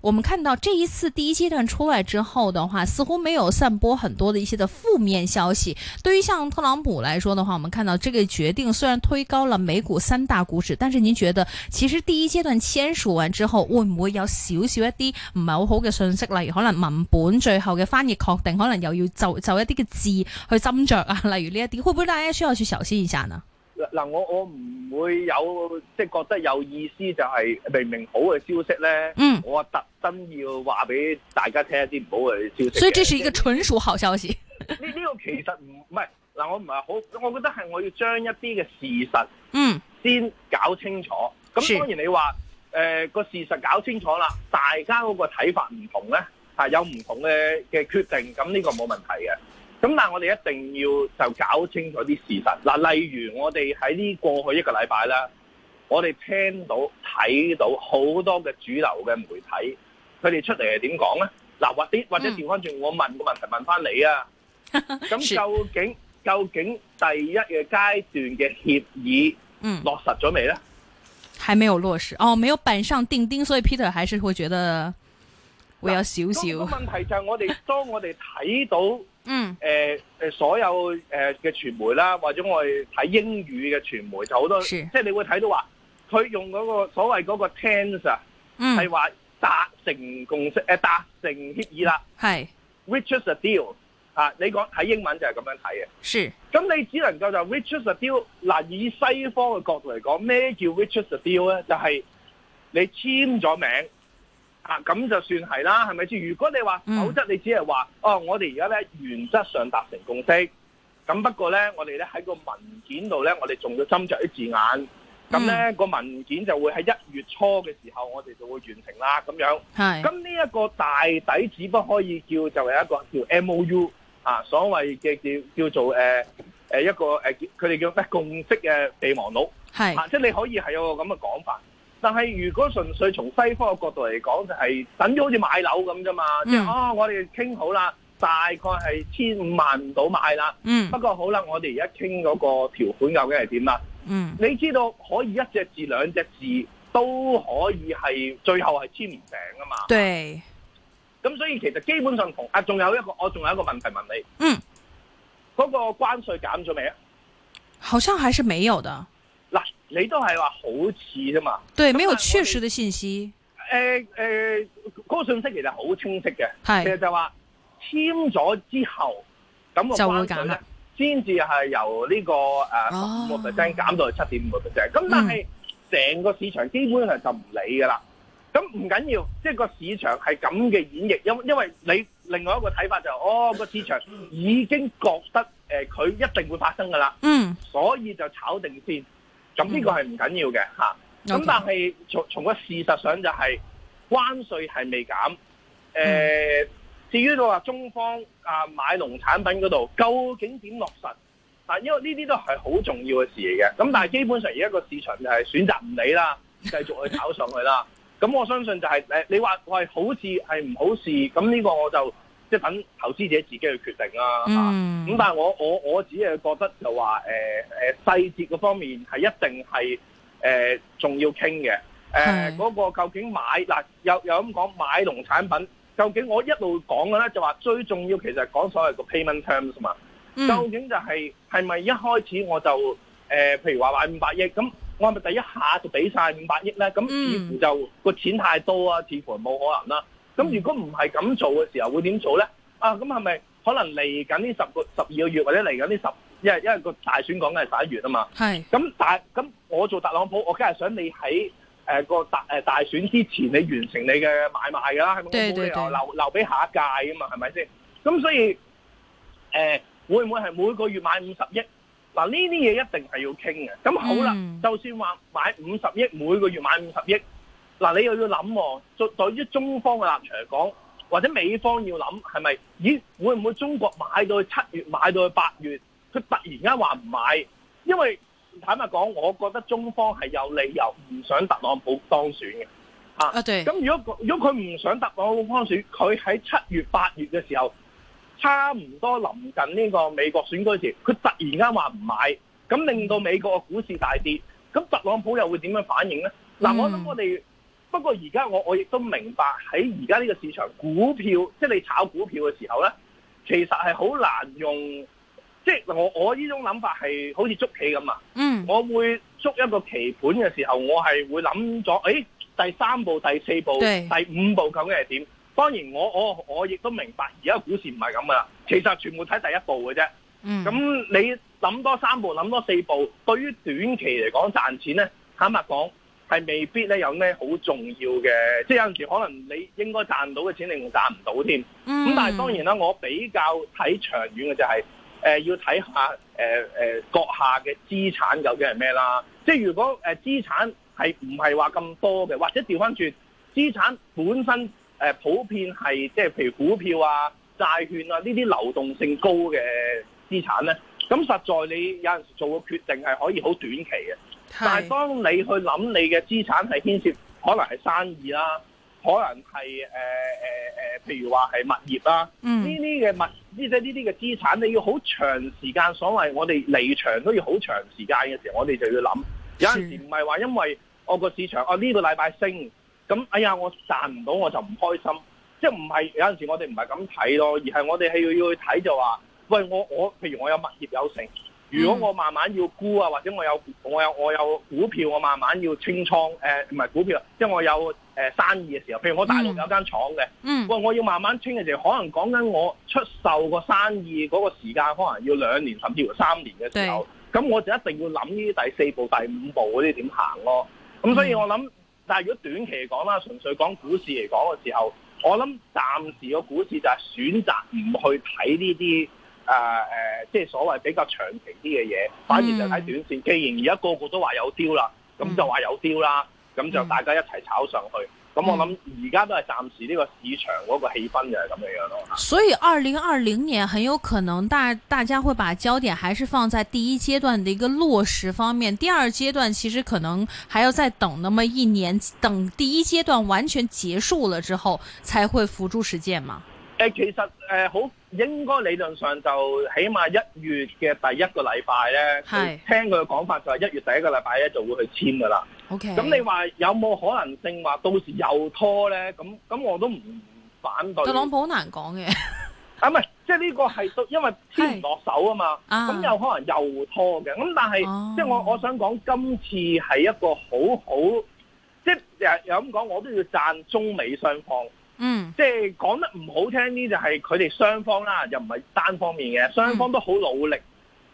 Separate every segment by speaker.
Speaker 1: 我們看到這一次第一階段出來之後的話，似乎沒有散播很多的一些的負面消息。對於像特朗普來說的話，我們看到這個決定雖然推高了美股三大股指，但是您覺得其實第一階段簽署完之後，會唔會有少少一啲唔係好好嘅信息？例如可能文本最後嘅翻譯確定，可能又要就就一啲嘅字去斟酌啊？例如呢一啲會唔會大家需要去小心一下呢？
Speaker 2: 嗱、嗯，我我唔會有即係覺得有意思，就係明明好嘅消息咧，嗯、我特登要話俾大家聽一啲唔好嘅消息的。所以這是
Speaker 1: 一個純屬好消息。呢 呢個其
Speaker 2: 實唔唔係嗱，我唔係好，我覺得係我要將一啲嘅事實嗯先搞清楚。咁、嗯、當然你話誒個事實搞清楚啦，大家嗰個睇法唔同咧，係有唔同嘅嘅決定，咁呢個冇問題嘅。咁但係我哋一定要就搞清楚啲事實嗱，例如我哋喺呢過去一個禮拜啦，我哋聽到睇到好多嘅主流嘅媒體，佢哋出嚟係點講咧？嗱，或者或者調翻轉，嗯、我問個問題問翻你啊！咁究竟 是究竟第一嘅階段嘅協議落實咗未咧？
Speaker 1: 還沒有落實，哦，沒有板上釘釘，所以 Peter 還是會覺得會有少少。問
Speaker 2: 題就係我哋當我哋睇到。 嗯，誒誒、呃呃、所有誒嘅傳媒啦，或者我哋睇英語嘅傳媒就好多，是即係你會睇到話佢用嗰個所謂個 tense 啊、嗯，係話達成共識誒達、呃、成協議啦，係 reach a deal 啊，你講睇英文就係咁樣睇嘅，是，咁你只能夠就 reach a deal，嗱，、啊、以西方嘅角度嚟講咩叫 reach a deal 咧？就係、是、你簽咗名。咁、啊、就算係啦，係咪先？如果你話否則，你只係話、嗯、哦，我哋而家咧原則上達成共識，咁不過咧，我哋咧喺個文件度咧，我哋仲要斟酌啲字眼，咁咧、嗯、個文件就會喺一月初嘅時候，我哋就會完成啦，咁樣。係咁呢一個大抵，只不可以叫就係一個叫 M O U 啊，所謂嘅叫叫做誒誒、呃呃、一個誒，佢、呃、哋叫咩、呃、共識嘅備、呃、忘錄。係是、啊、即係你可以係有個咁嘅講法。但係如果純粹從西方嘅角度嚟講，就係、是、等於好似買樓咁啫嘛、嗯即。哦，我哋傾好啦，大概係千五萬到買啦。嗯。不過好啦，我哋而家傾嗰個條款究竟係點啦？嗯。你知道可以一隻字兩隻字都可以係最後係簽唔成㗎嘛？對。咁所以其實基本上同啊，仲有一個我仲有一個問題問你。嗯。嗰個關稅減咗未啊？
Speaker 1: 好像還是沒有的。
Speaker 2: 你都係話好似啫嘛？
Speaker 1: 對，沒有確實的信息。誒誒，
Speaker 2: 呃呃呃嗰個信息其實好清晰嘅，係其實就話簽咗之後，咁個關稅先至係由呢個誒五個 percent 減到去七點五個 percent。咁但係成個市場基本上就唔理噶啦。咁唔緊要，即係個市場係咁嘅演繹，因因為你另外一個睇法就係，哦個市場已經覺得誒佢、呃、一定會發生噶啦。嗯，所以就炒定先。咁呢個係唔緊要嘅嚇，咁但係從從個事實上就係關稅係未減，誒、呃，至於到話中方啊買農產品嗰度究竟點落實啊？因為呢啲都係好重要嘅事嚟嘅，咁但係基本上而家個市場就係選擇唔理啦，繼續去炒上去啦。咁我相信就係、誒、你話我係好事係唔好事，咁呢個我就。即係等投資者自己去決定啦，啊、咁、嗯啊、但係我我我只係覺得就話誒誒細節嗰方面係一定係誒仲要傾嘅誒嗰個究竟買嗱，呃、又又咁講買農產品究竟我一路講嘅咧就話最重要其實係講所謂個 payment terms 嘛。嗯，究竟就係係咪一開始我就誒，呃、譬如話買五百億咁，那我係咪第一下就俾晒五百億咧？咁似乎就個，嗯、錢太多啊，似乎冇可能啦。咁如果唔係咁做嘅時候，會點做咧？啊，咁係咪可能嚟緊呢十個、十二個月，或者嚟緊呢十、因為個大選講緊係十一月啊嘛？係是。咁大，咁我做特朗普，我梗係想你喺誒個大誒、呃、大選之前，你完成你嘅買賣噶啦，係咪？對對對。冇理由留留俾下一屆㗎嘛，係咪先？咁所以誒、呃，會唔會係每個月買五十億？嗱、啊，呢啲嘢一定係要傾嘅。咁好啦，嗯、就算話買五十億，每個月買五十億。嗱，你又要諗喎。對於中方嘅立場嚟講，或者美方要諗，係咪？咦，會唔會中國買到去七月，買到去八月，佢突然間話唔買？因為坦白講，我覺得中方係有理由唔想特朗普當選嘅。咁對如果如果佢唔想特朗普當選，佢喺七月、八月嘅時候，差唔多臨近呢個美國選舉時，佢突然間話唔買，咁令到美國嘅股市大跌，咁特朗普又會點樣反應呢？嗱、嗯，我諗我哋。不過而家我我亦都明白喺而家呢個市場股票，即係你炒股票嘅時候呢，其實係好難用。即係我我呢種諗法係好似捉棋咁啊！嗯，我，嗯我會捉一個棋盤嘅時候，我係會諗咗，誒、哎，第三步、第四步、對 第五步究竟係點？當然我，我我我亦都明白而家股市唔係咁噶啦。其實全部睇第一步嘅啫。嗯，咁你諗多三步，諗多四步，對於短期嚟講賺錢呢，坦白講。.係未必咧，有咩好重要嘅，即係有陣時候可能你應該賺到嘅錢你不到，你仲賺唔到添。咁但係當然啦，我比較睇長遠嘅就係、是、誒、呃、要睇下誒誒閣下嘅資產究竟係咩啦。即係如果誒資產係唔係話咁多嘅，或者調翻轉資產本身誒、呃、普遍係即係譬如股票啊、債券啊呢啲流動性高嘅資產咧。咁實在你有陣時做個決定係可以好短期嘅，是但係當你去諗你嘅資產係牽涉可能係生意啦，可能係誒誒誒譬如話係物業啦，呢啲嘅物，即係呢啲嘅資產，你要好長時間，所謂我哋離場都要好長時間嘅時候，我哋就要諗有陣時唔係話因為我個市場啊呢個禮拜升，咁哎呀我賺唔到我就唔開心，即係唔係有陣時我哋唔係咁睇咯，而係我哋係要要去睇就話。喂，我我譬如我有物業有成，如果我慢慢要沽啊，或者我有我有我有股票，我慢慢要清倉誒，呃，唔係股票，即係我有誒、呃、生意嘅時候，譬如我大陸有一間廠嘅，嗯，喂，我要慢慢清嘅時候，可能講緊我出售個生意嗰個時間，可能要兩年甚至乎三年嘅時候，咁對我就一定要諗呢啲第四步、第五步嗰啲點行咯。咁所以我諗，但係如果短期嚟講啦，純粹講股市嚟講嘅時候，我諗暫時個股市就係選擇唔去睇呢啲。啊誒、呃呃，即係所謂比較長期啲嘅嘢，反而就係短線。嗯、既然而家個個都話有丟啦，咁、嗯、就話有丟啦，咁、嗯、就大家一齊炒上去。咁、嗯、我諗而家都係暫時呢個市場嗰個氣氛就係咁樣樣咯。所
Speaker 1: 以二零二零年很有可能大大家會把焦點還是放在第一階段嘅一個落實方面，第二階段其實可能還要再等那麼一年，等第一階段完全結束了之後，才會輔助實踐嘛。
Speaker 2: 其實誒好、呃、應該理論上就起碼一月嘅第一個禮拜咧，是聽佢嘅講法就係一月第一個禮拜咧就會去簽噶啦。OK，咁、嗯、你話有冇可能性話到時又拖咧？咁、嗯、咁、嗯、我都唔反對。特朗普好難講嘅、 啊就是，啊唔係即係呢個係都因為簽唔落手啊嘛，咁有、嗯嗯、可能又拖嘅。咁、嗯、但係即係我我想講今次係一個好好，即係又咁講，我都要贊中美雙方。嗯，即係講得唔好聽啲就係佢哋雙方啦，又唔係單方面嘅，雙方都好努力，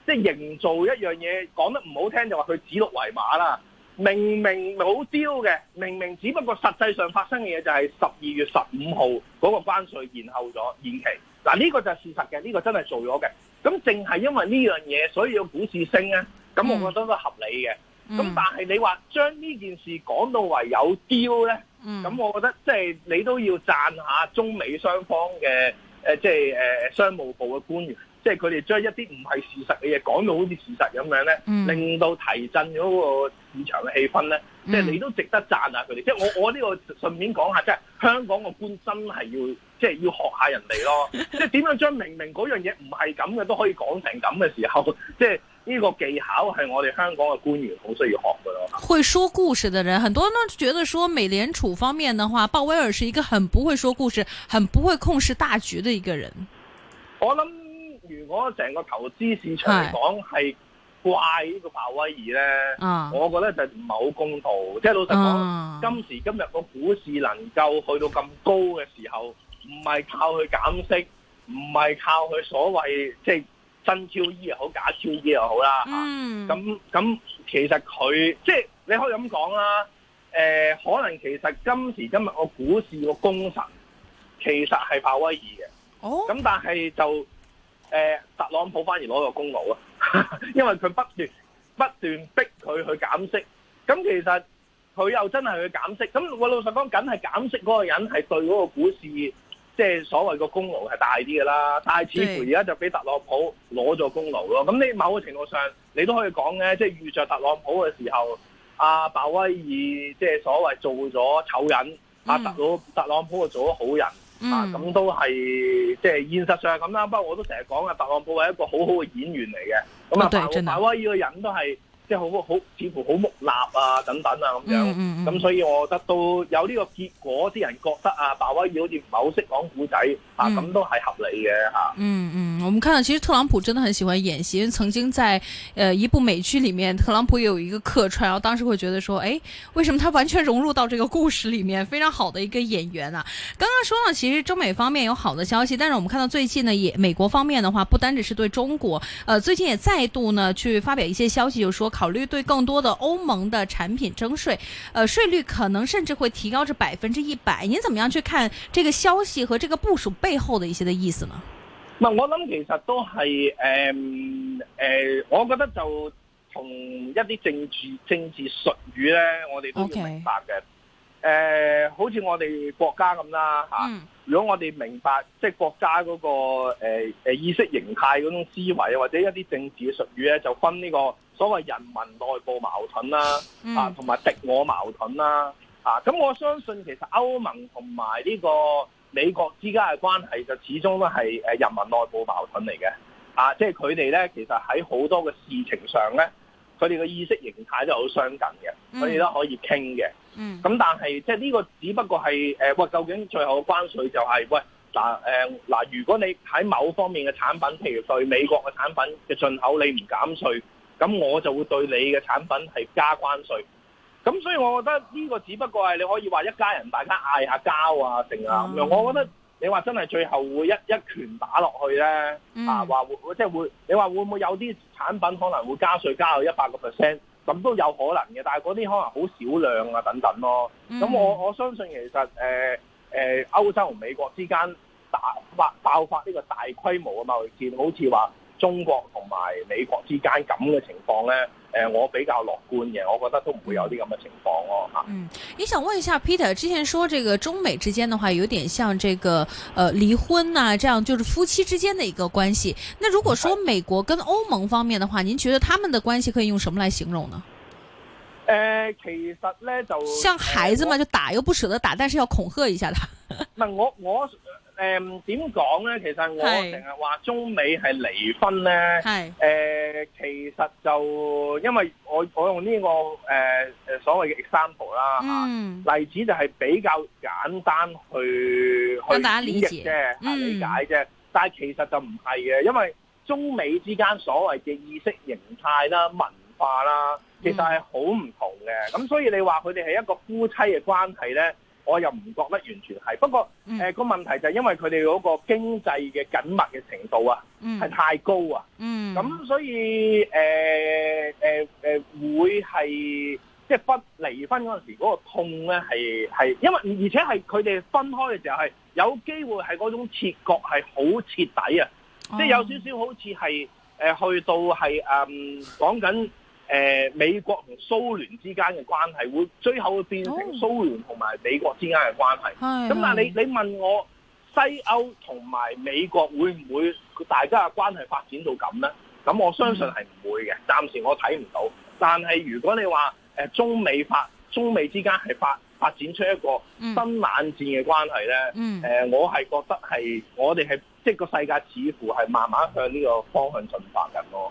Speaker 2: 即係營造一樣嘢。講得唔好聽就話佢指鹿為馬啦，明明冇 deal 嘅，明明只不過實際上發生嘅嘢就係十二月十五號嗰個關稅延後咗，延期。嗱呢、這個就係事實嘅，呢、這個真係做咗嘅。咁淨係因為呢樣嘢，所以個股市升咧，咁我覺得都合理嘅。
Speaker 3: 咁、嗯嗯、但係
Speaker 2: 你話將呢件事講到為有 deal 咧？嗯，咁我覺得即係你都要讚下中美雙方嘅即係誒商務部嘅官員，即係佢哋將一啲唔係事實嘅嘢講到好似事實咁樣咧，嗯、令到提振嗰個市場嘅氣氛咧，即係你都值得讚下佢哋。即係我我呢個順便講下，即係香港個官真係要。即係要學下人哋咯，即係點樣將明明嗰樣嘢唔係咁嘅都可以講成咁嘅時候，即係呢個技巧係我哋香港嘅官員好需要學嘅咯。
Speaker 1: 會說故事的人，很多人都覺得說美聯儲方面的話，鮑威爾是一個很不會說故事、很不會控制大局嘅一個人。
Speaker 2: 我諗如果成個投資市場嚟講係怪呢個鮑威爾呢，啊，我覺得就唔係好公道。即係老實講，啊，今時今日個股市能夠去到咁高嘅時候。唔係靠佢減息，唔係靠佢所謂即係真 QE 又好假 QE 又好啦嚇。咁咁、mm. 啊、其實佢即係你可以咁講啦。誒、呃，可能其實今時今日個股市個功臣其實係鮑威爾嘅。哦、oh?。咁但係就誒，特朗普反而攞個功勞咯， 因為佢不斷不斷逼佢去減息。咁其實佢又真係去減息。咁我老實講，緊係減息嗰個人係對嗰個股市即係所謂個功勞係大啲嘅啦，但係似乎而家就俾特朗普攞咗功勞咯。咁對你某個程度上，你都可以講嘅，即係遇着特朗普嘅時候，阿、啊、鮑威爾即係所謂做咗醜人，阿、嗯啊、特朗特朗普就做咗好人。嗯，咁、啊、都係即係現實上係咁啦。不過我都成日講啊，特朗普係一個很好好嘅演員嚟嘅。咁啊、嗯，鮑、就是、威爾個人都係，即係好，好似乎好木訥啊等等啊咁樣，咁、嗯嗯、所以我覺得都有呢個結果，啲人覺得啊，鮑威爾好似唔係好識講古仔啊，咁都係合理嘅嚇。
Speaker 1: 嗯嗯，我們看到其實特朗普真的很喜歡演戲，因為曾經在、呃、一部美劇裡面，特朗普有一個客串，然後當時會覺得說，誒，為什麼他完全融入到這個故事裡面？非常好的一個演員啊！剛剛講到其實中美方面有好的消息，但是我們看到最近呢，也美國方面的話，不單止是對中國，誒、呃，最近也再度呢去發表一些消息，就是說。考慮對更多的歐盟的產品徵稅，呃，稅率可能甚至會提高至百分之一百。你怎麼樣去看這個消息和這個部署背後的一些的意思呢？
Speaker 2: 唔，我諗其實都係誒誒，我覺得就同一啲政治政治術語咧，我哋都要明白嘅。誒 Okay.、呃，好似我哋國家咁啦吓，啊嗯、如果我哋明白即係、就是、國家嗰、那個誒誒、呃、意識形態嗰種思維或者一啲政治嘅術語咧，就分呢、這個。所謂人民內部矛盾啦，嗯、啊，同埋敵我矛盾啦，啊，咁、嗯、我相信其實歐盟同埋呢個美國之間嘅關係，就始終都係誒人民內部矛盾嚟嘅，啊，即係佢哋咧，其實喺好多嘅事情上咧，佢哋嘅意識形態都好相近嘅，佢哋都可以傾嘅。咁、嗯嗯、但係即係呢個只不過係誒喂，究竟最後嘅關稅就係、是、喂嗱誒嗱，如果你喺某方面嘅產品，譬如對美國嘅產品嘅進口，你唔減稅。咁我就會對你嘅產品係加關稅，咁所以我覺得呢個只不過係你可以話一家人大家嗌下交啊定啊咁樣。嗯、我覺得你話真係最後會一一拳打落去咧，嗯、啊話會即係會，你話會唔會有啲產品可能會加稅加到一百個 percent，咁都有可能嘅，但係嗰啲可能好少量啊等等咯。咁、嗯、我我相信其實、呃呃、歐洲同美國之間大爆發呢個大規模嘅貿易戰，好似話。中國同埋美國之間咁嘅情況呢，誒、呃，我比較樂觀嘅，我覺得都唔會有啲咁嘅情況咯嚇。嗯，
Speaker 1: 你想問一下 Peter，之前說這個中美之間的話，有點像這個，呃，離婚啊，這樣就是夫妻之間的一個關係。那如果說美國跟歐盟方面的話，是您覺得他們的關係可以用什麼來形容呢？誒、
Speaker 2: 呃，其實呢，就，像孩子
Speaker 1: 嘛，呃、就打又不捨得打，但是要恐嚇一下他。
Speaker 2: 我 我。我誒，點講咧？其實我成日話中美係離婚咧。係誒是、呃，其實就因為我我用呢、這個誒誒、呃、所謂嘅 example 啦、嗯、例子就係比較簡單去理去演繹啫、啊，理解啫。嗯、但係其實就唔係嘅，因為中美之間所謂嘅意識形態啦、文化啦，其實係好唔同嘅。咁、嗯、所以你話佢哋係一個夫妻嘅關係咧？我又唔覺得完全係。不過誒，個問題就係因為佢哋嗰個經濟嘅緊密嘅程度啊，係太高啊，咁所以誒誒誒會係即係不離婚嗰陣時嗰個痛咧係係，因為而且係佢哋分開嘅時候係有機會係嗰種切割係好徹底啊，即係有少少好似係誒去到係誒講緊。誒，美國同蘇聯之間嘅關係會最後會變成蘇聯同埋美國之間嘅關係。咁、oh. 但係你你問我西歐同埋美國會唔會大家嘅關係發展到咁咧？咁我相信係唔會嘅，暫、mm. 時我睇唔到。但係如果你話誒中美發中美之間係發發展出一個新冷戰嘅關係咧？誒、mm. 呃、我係覺得係我哋係即係個世界似乎係慢慢向呢個方向進發緊咯。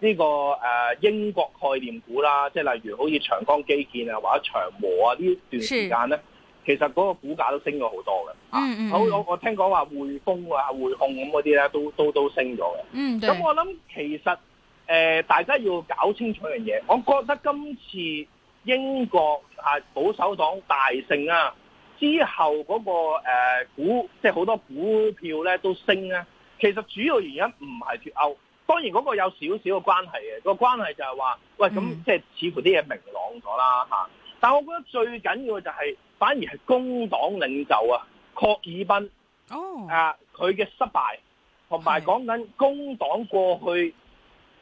Speaker 2: 呢、這個誒、啊、英國概念股啦，即係例如好似長江基建啊，或者長和啊，呢段時間咧，是其實嗰個股價都升咗好多嘅。嗯，嗯嗯。好、啊，我我聽講話匯豐啊、匯控咁嗰啲咧，都都都升咗嘅。嗯。咁我諗其實誒、呃、大家要搞清楚樣嘢，我覺得今次英國啊保守黨大勝啊之後嗰、那個、啊、股，即係好多股票咧都升咧、啊，其實主要原因唔係脫歐。當然嗰個有少少嘅關係嘅，個關係就係話，喂，咁即係似乎啲嘢明朗咗啦吓、嗯、但係我覺得最緊要嘅就係，反而係工黨領袖郭、哦、啊，確爾賓佢嘅失敗，同埋講緊工黨過去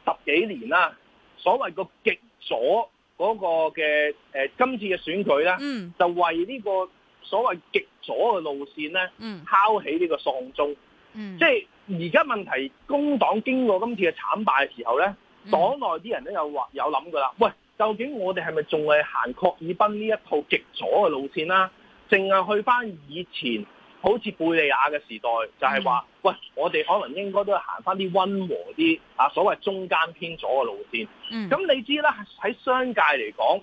Speaker 2: 十幾年啦，的所謂個極左嗰個嘅、呃、今次嘅選舉咧，嗯、就為呢個所謂極左嘅路線咧，嗯、敲起呢個喪鐘，嗯即係而家問題，工黨經過今次嘅慘敗嘅時候咧，黨內啲人都有話有諗噶啦。喂，究竟我哋係咪仲係行郝爾彬呢一套極左嘅路線啦？淨係去翻以前好似貝利亞嘅時代，就係、是、話，嗯、喂，我哋可能應該都係行翻啲温和啲啊，所謂中間偏左嘅路線。咁、嗯、你知啦，喺商界嚟講，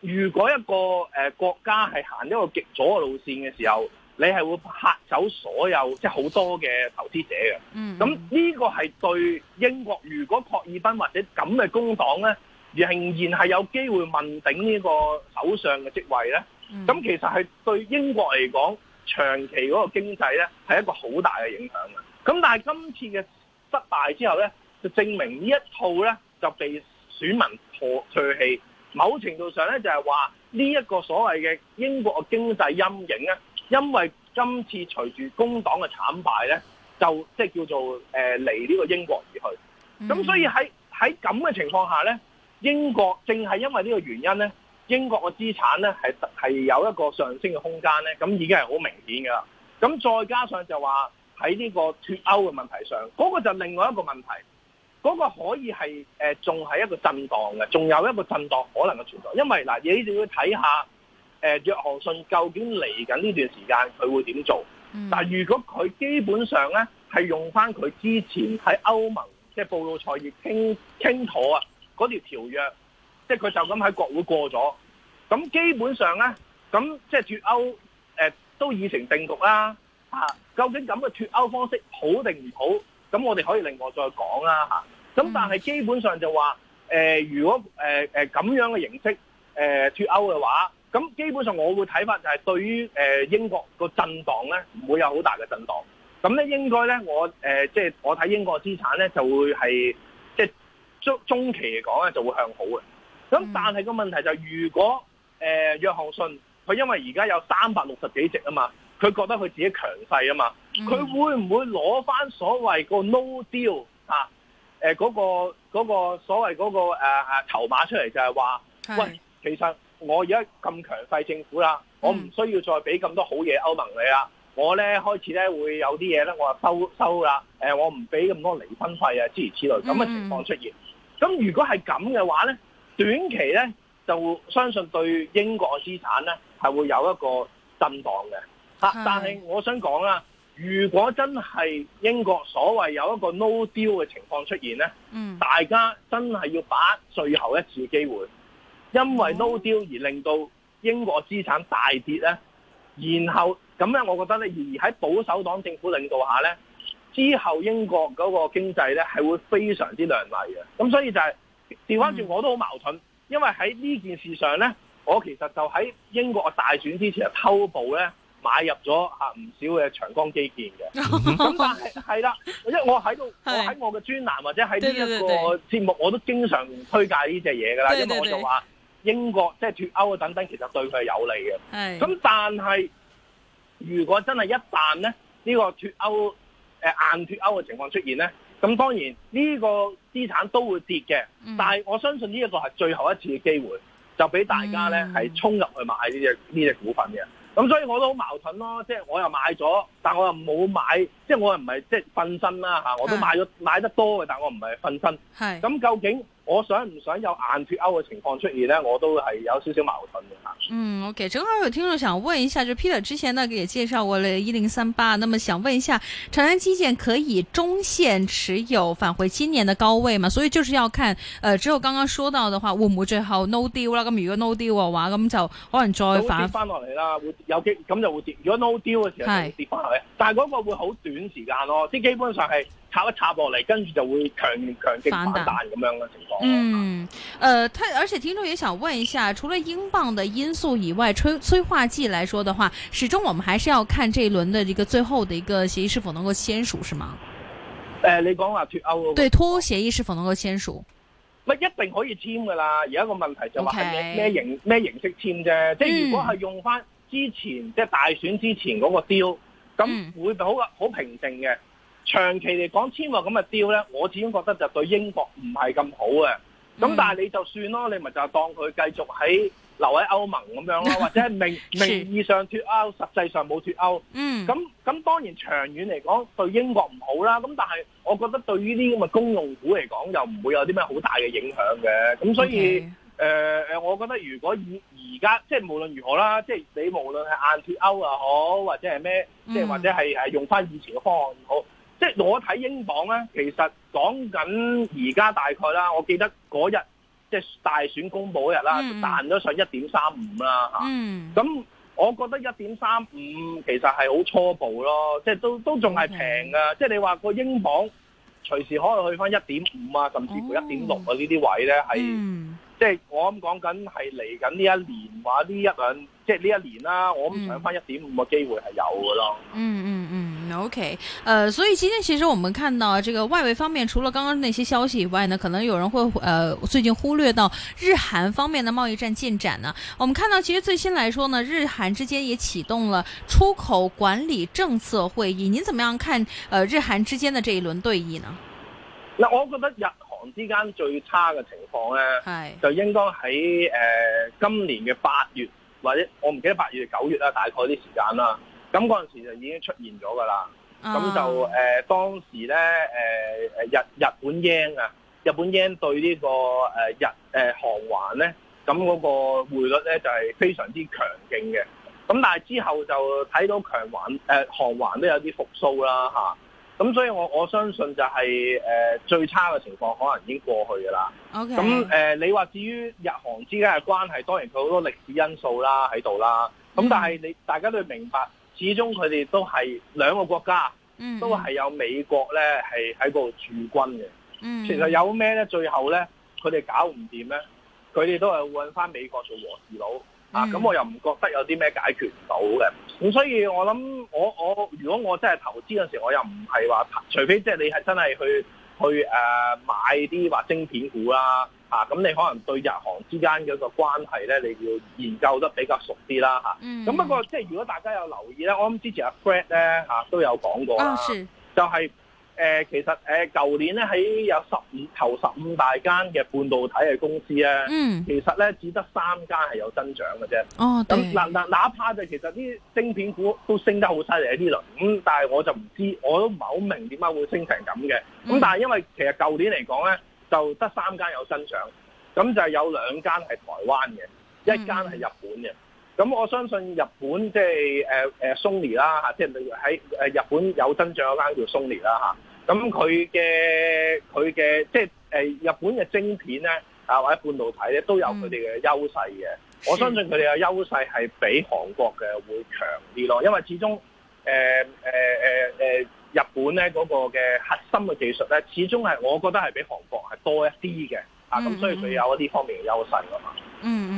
Speaker 2: 如果一個誒、呃、國家係行一個極左嘅路線嘅時候，你係會嚇走所有即係好多嘅投資者嘅，咁呢個係對英國，如果郝爾彬或者咁嘅工黨咧，仍然係有機會問鼎呢個首相嘅職位咧，咁其實係對英國嚟講，長期嗰個經濟咧係一個好大嘅影響嘅。咁但係今次嘅失敗之後咧，就證明呢一套咧就被選民唾棄，某程度上咧就係話呢一個所謂嘅英國嘅經濟陰影咧。因為今次隨住工黨嘅慘敗呢，就即、就係、叫做誒離呢個英國而去。咁所以喺喺咁嘅情況下呢，英國正係因為呢個原因呢，英國嘅資產呢係有一個上升嘅空間呢，咁已經係好明顯㗎啦。咁再加上就話喺呢個脱歐嘅問題上，嗰、嗰個就另外一個問題，嗰、嗰個可以係誒仲係一個震盪嘅，仲有一個震盪可能嘅存在。因為嗱，你就要睇下。誒，約翰遜究竟嚟緊呢段時間佢會點做？但係如果佢基本上咧係用翻佢之前喺歐盟即係、就是、布魯塞爾傾傾妥啊，嗰條條約，即係佢就咁、是、喺國會過咗，咁基本上咧咁即係脫歐誒都已成定局啦、啊啊。究竟咁嘅脫歐方式好定唔好？咁我哋可以另外再講啦、啊。吓、啊，咁但係基本上就話誒、呃，如果誒誒咁樣嘅形式誒脫歐嘅話。咁基本上我會睇法就係對於英國個震盪咧，唔會有好大嘅震盪。咁咧應該咧，我即係、呃就是、我睇英國資產咧，就會係即係中中期嚟講咧，就會向好嘅。咁但係個問題就係，如果誒、呃、約翰遜佢因為而家有三百六十幾席啊嘛，佢覺得佢自己強勢啊嘛，佢、嗯、會唔會攞翻所謂個 no deal 嗰、啊那個嗰、那個所謂嗰個誒誒籌碼出嚟，就係話，喂，其實。我而家咁強勢政府啦，我唔需要再俾咁多好嘢歐盟你啦、嗯呃。我咧開始咧會有啲嘢咧，我話收收啦。我唔俾咁多離婚費啊，諸如此類咁嘅情況出現。咁、嗯、如果係咁嘅話咧，短期咧就相信對英國資產咧係會有一個震盪嘅、啊、是但係我想講啦，如果真係英國所謂有一個 no deal 嘅情況出現咧，嗯，大家真係要把握最後一次機會。因為 no deal 而令到英國資產大跌咧，哦、然後咁咧，樣我覺得咧，而喺保守黨政府領導下咧，之後英國嗰個經濟咧係會非常之亮麗嘅，咁所以就係調翻轉，我都好矛盾，嗯、因為喺呢件事上咧，我其實就喺英國大選之前係偷步咧，買入咗啊唔少嘅長江基建嘅，咁 但係係啦，因為我喺度，我喺我嘅專欄的或者喺呢一個對對對節目，我都經常推介呢隻嘢噶啦，對對因為我就話。英國即係脱歐啊等等，其實對佢係有利嘅。係咁是，但係如果真係一旦咧呢、呢個脱歐誒、呃、硬脱歐嘅情況出現咧，咁當然呢個資產都會跌嘅。嗯、但係我相信呢一個係最後一次嘅機會，就俾大家咧係、嗯、衝入去買呢隻呢隻股份嘅。咁所以我都好矛盾咯，即、就、係、是、我又買咗，但我又冇買，即、就、係、是、我又唔係即係瞓身啦、啊、嚇。我都買咗是買得多嘅，但係我唔係瞓身。係咁是究竟？我想唔想有硬脫歐嘅情況出現咧？我都係有些少少矛
Speaker 1: 盾嘅吓。嗯，OK，正好有聽眾想問一下，就 Peter 之前呢，佢也介紹過咧一零三八，那麼想問一下，長江基建可以中線持有，返回今年的高位嘛？所以就是要看，呃，只有剛剛說到嘅話，會唔會最後 no deal 啦、啊？咁如果 no deal 嘅、啊、話，咁就可能再反翻
Speaker 2: 落嚟啦。有機咁就會跌，如果 no deal 嘅時候會跌翻落嚟。是但係嗰個會好短時間咯，即係基本上係。插一插過嚟，跟住就會強強勁反彈咁樣嘅
Speaker 1: 情況。嗯，誒、呃，而且聽眾也想問一下，除了英鎊的因素以外，催，催化劑來說的話，始終我們還是要看這一輪的一個最後的一個協議是否能夠簽署，是嗎？
Speaker 2: 誒、呃，你講話脱歐對
Speaker 1: 脱歐協議是否能夠簽署？
Speaker 2: 唔係一定可以簽噶啦，而家一個問題就話係咩形咩形式簽啫。即、就、係、是、如果係用翻之前即係、嗯、大選之前嗰個 deal，咁會好好、嗯、平靜嘅。長期嚟講，簽落咁嘅 deal 咧，我始終覺得就對英國唔係咁好嘅。咁但係你就算咯，mm. 你咪就當佢繼續喺留喺歐盟咁樣咯， 或者係名名義上脱歐，實際上冇脱歐。嗯、mm. 咁咁當然長遠嚟講對英國唔好啦。咁但係我覺得對於呢啲咁嘅公用股嚟講，又唔會有啲咩好大嘅影響嘅。咁所以 Okay.、呃、我覺得如果而家即係無論如何啦，即係你無論係硬脱歐又好，或者係咩，即係、mm. 或者係用翻以前嘅方案好。即係我睇英鎊咧，其實講緊而家大概啦，我記得嗰日即係大選公布嗰日啦，彈咗、嗯、上一點三五啦吓。咁、嗯、我覺得一點三五其實係好初步咯，即係都都仲係平噶。即係、嗯、你話個英鎊隨時可能去翻一點五啊，甚至乎一點六啊、哦、呢啲位咧係，即係、嗯、我諗講緊係嚟緊呢一年話呢一兩，即係呢一年啦，我諗上翻一點五嘅機會係有噶咯。嗯嗯嗯。
Speaker 1: 嗯嗯 OK，呃，所以今天其實我們看到這個外圍方面，除了剛剛那些消息以外呢，可能有人會呃最近忽略到日韓方面的貿易戰進展呢、啊。我們看到其實最新來說呢，日韓之間也啟動了出口管理政策會議。您怎麼樣看呃日韓之間的這一輪對弈呢？
Speaker 2: 那我覺得日韓之間最差嘅情況呢，是就應該喺、呃、今年嘅八月或者我唔記得八月九月啦、啊，大概啲時間啦。咁嗰陣時就已經出現咗㗎啦，
Speaker 3: 咁、啊、就、
Speaker 2: 呃、當時咧、呃、日日本英啊，日本英對、這個呃呃、呢個誒日航環咧，咁嗰個匯率咧就係、是、非常之強勁嘅。咁但係之後就睇到強環誒航、呃、環都有啲復甦啦嚇，咁、啊、所以我我相信就係、是呃、最差嘅情況可能已經過去㗎啦。O K. 咁你話至於日韓之間嘅關係，當然佢好多歷史因素啦喺度啦。咁但係你、嗯、大家都要明白。始終佢哋都係兩個國家，都係有美國咧係喺度駐軍嘅。其實有咩咧？最後咧，佢哋搞唔掂咧，佢哋都係揾翻美國做和事佬。啊，咁我又唔覺得有啲咩解決唔到嘅。咁所以我諗，我我如果我真係投資嗰時，我又唔係話，除非即係你係真係去去誒、啊、買啲話晶片股啦、啊。咁、啊、你可能對日韓之間嘅一個關係咧，你要研究得比較熟啲啦，咁、啊嗯、不過，即如果大家有留意咧，我諗之前阿、啊、Fred 咧、啊、都有講過啦，哦、是就係、是呃、其實誒舊、呃呃、年咧喺有十五頭十五大間嘅半導體嘅公司咧，嗯、其實咧只得三間係有增長嘅啫。哦，咁嗱嗱，哪怕就其實啲晶片股都升得好犀利呢輪咯。咁、嗯、但係我就唔知，我都唔係好明點解會升成咁嘅。咁、嗯嗯、但係因為其實舊年嚟講咧。就得三間有增長，咁就有兩間係台灣嘅，一間係日本嘅。咁我相信日本即係誒誒 Sony 啦嚇，即係喺誒日本有增長嗰間叫 Sony 啦嚇。咁佢嘅佢嘅即係誒日本嘅晶片咧啊，或者半導體咧都有佢哋嘅優勢嘅。我相信佢哋嘅優勢係比韓國嘅會強啲咯，因為始終誒誒誒誒。呃呃呃呃日本咧嗰個嘅核心嘅技術咧，始終係我覺得係比韓國係多一啲嘅，啊咁、嗯、所以佢有一啲方面嘅優勢㗎嘛。嗯。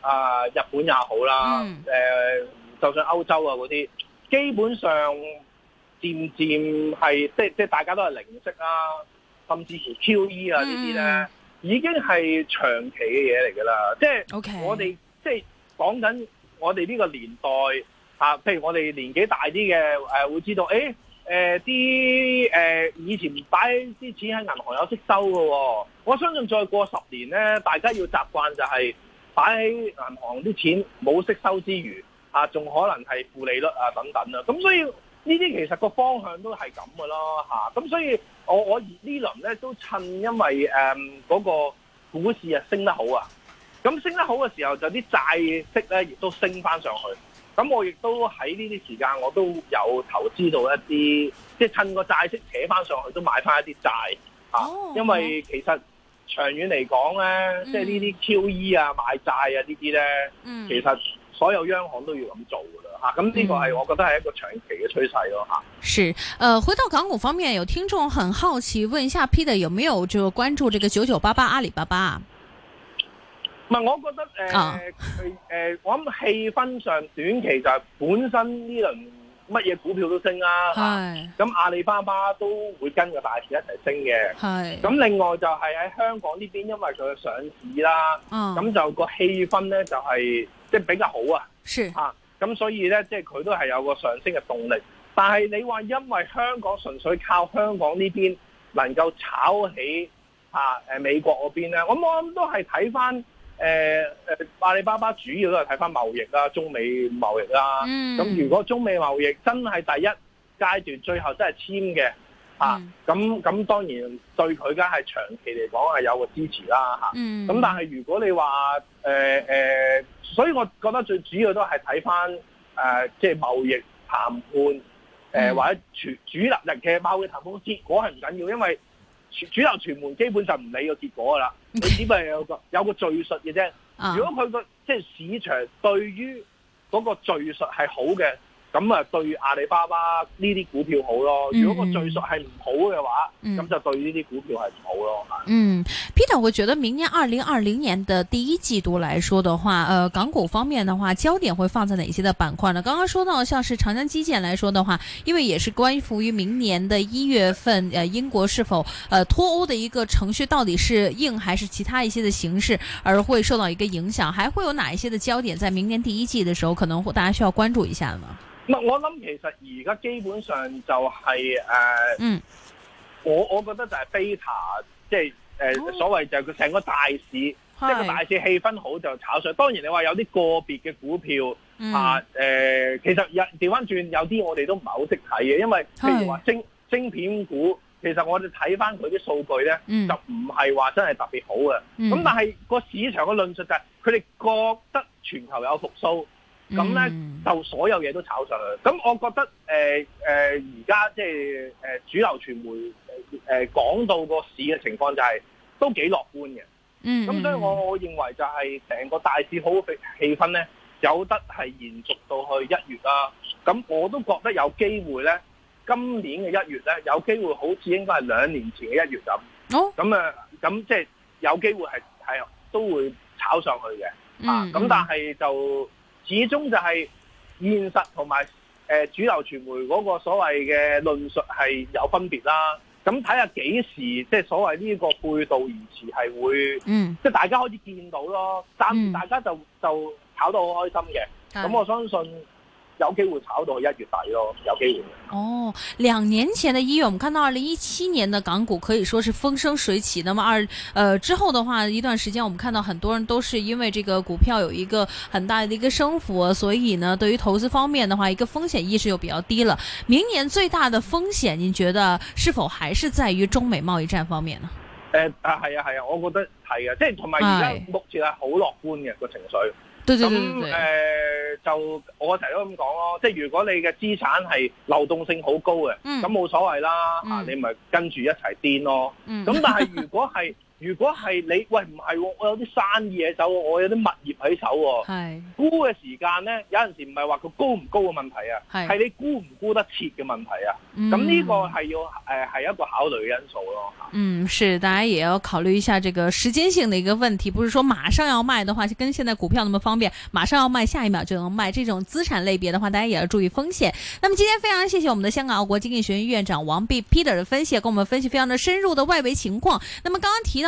Speaker 2: 啊，日本也好啦，嗯呃、就算歐洲啊嗰啲，基本上漸漸係即係即係大家都係零息啦、啊，甚至乎 QE 啊呢啲咧，嗯、已經係長期嘅嘢嚟㗎啦。嗯、即係我哋 Okay. 即係講緊我哋呢個年代嚇、啊，譬如我哋年紀大啲嘅誒，會知道誒誒啲誒以前擺啲錢喺銀行有息收嘅喎、哦。我相信再過十年咧，大家要習慣就係、是。擺喺銀行啲錢冇息收之餘，啊，仲可能係負利率啊等等啦。咁所以呢啲其實個方向都係咁嘅咯，嚇、啊。咁所以我我這輪呢輪咧都趁因為誒嗰、嗯那個股市啊升得好啊，咁升得好嘅時候就啲債息咧亦都升翻上去。咁我亦都喺呢啲時間我都有投資到一啲，即、就、係、是、趁個債息扯翻上去都買翻一啲債嚇、啊，因為其實。長遠嚟講咧，即係呢啲 QE 啊、買債啊這些呢啲咧，嗯、其實所有央行都要咁做㗎啦嚇。咁呢個係我覺得係一個長期嘅趨勢咯、啊、吓，
Speaker 1: 是，呃，回到港股方面，有聽眾很好奇，問一下 Peter，有沒有就關注這個九九八八阿里巴巴、
Speaker 2: 啊？唔係、嗯，我覺得誒誒、呃哦呃，我諗氣氛上短期就係本身呢輪。乜嘢股票都升啦、啊，咁是、啊、阿里巴巴都會跟個大市一齊升嘅。咁是另外就係喺香港呢邊，因為佢嘅上市啦，咁、嗯、就個氣氛咧就係即係比較好啊。嚇是，咁、啊、所以咧即係佢都係有個上升嘅動力。但係你話因為香港純粹靠香港呢邊能夠炒起嚇、啊、誒、呃、美國嗰邊咧，我諗都係睇翻。誒誒，阿、呃、里巴巴主要都係睇翻貿易啦，中美貿易啦。咁、嗯、如果中美貿易真係第一階段最後真係簽嘅，吓咁咁，嗯、當然對佢梗係長期嚟講係有個支持啦，吓、啊。咁、嗯、但係如果你話誒誒，所以我覺得最主要都係睇翻誒即係貿易談判，誒、呃嗯、或者主流力力嘅貿易談判結果係唔緊要，因為主流傳媒基本上唔理個結果噶啦。你只不過係有個有個敘述嘅啫，如果佢個即係市場對於嗰個敘述係好嘅。咁啊，對於阿里巴巴呢啲股票好咯。如果個敘述係唔好嘅話，咁、嗯、
Speaker 1: 就對呢啲股票係唔好咯。嗯，Peter，我覺得明年二零二零年的第一季度來說的話，誒、呃，港股方面的話，焦點會放在哪些的板塊呢？剛剛說到像是長江基建來說的話，因為也是關乎於明年的一月份、呃，英國是否誒、呃、脫歐的一個程序到底是硬還是其他一些的形式，而會受到一個影響，還會有哪一些的焦點在明年第一季的時候，可能大家需要關注一下呢？
Speaker 2: 唔，我諗其實而家基本上就係、是、誒，呃嗯、我我覺得就係 beta，即係誒所謂就係佢成個大市，即係個大市氣氛好就炒上。當然你話有啲個別嘅股票、嗯、啊，誒、呃，其實又調翻轉有啲我哋都唔係好識睇嘅，因為譬如話晶是晶片股，其實我哋睇翻佢啲數據咧，嗯、就唔係話真係特別好嘅。咁、嗯、但係個市場嘅論述就係佢哋覺得全球有復甦。咁咧、嗯、就所有嘢都炒上去，咁我覺得誒誒而家即係誒主流傳媒誒誒講到個市嘅情況就係、是、都幾樂觀嘅。嗯，
Speaker 3: 咁所以
Speaker 2: 我認為就係成個大市好氣氛咧有得係延續到去一月啦、啊。咁我都覺得有機會咧，今年嘅一月咧有機會好似應該係兩年前嘅一月咁。咁啊、哦，咁即係有機會係係都會炒上去嘅。嗯、
Speaker 3: 啊，咁但係
Speaker 2: 就。始終就係現實同埋誒主流傳媒嗰個所謂嘅論述係有分別啦。咁睇下幾時即係所謂呢個背道而馳係會，嗯、即係大家可以見到咯。暫時大家就、嗯、就炒得好開心嘅，咁我相信。有機
Speaker 1: 會炒到一月底咯，有機會。哦，兩年前的一月，我們看到二零一七年的港股，可以說是風生水起。那麼二，呃，之後的話，一段時間，我們看到很多人都是因為這個股票有一個很大的一個升幅，所以呢，對於投資方面的話，一個風險意識又比較低了。明年最大的風險，你覺得是否還是在於中美貿易戰方面呢？呃、
Speaker 2: 啊，係啊，係啊，我覺得係啊，即係同埋而家目前係好樂觀嘅、這個情緒。咁誒那、呃，就我成日都咁講咯，即係如果你嘅資產係流動性好高嘅，咁冇、嗯、所謂啦吓，啊嗯、你咪跟住一齊癲咯。咁、嗯、但係如果係， 如果係你喂唔係喎，我有啲生意喺手，我有啲物業喺手喎，哦。係沽嘅時間呢，有陣時唔係話佢高唔高嘅問題啊，係是你沽唔沽得切嘅問題啊。咁呢、嗯、個係要、呃、是一個考慮嘅因素咯。
Speaker 1: 嗯，是，大家也要考慮一下這個時間性嘅一個問題，不是說馬上要賣嘅話，就跟現在股票那麼方便，馬上要賣下一秒就能賣。這種資產類別嘅話，大家也要注意風險。那麼今天非常謝謝我們嘅香港澳國經濟學院院長王弼 Peter 嘅分析，跟我們分析非常的深入嘅外圍情況。那麼剛剛提到。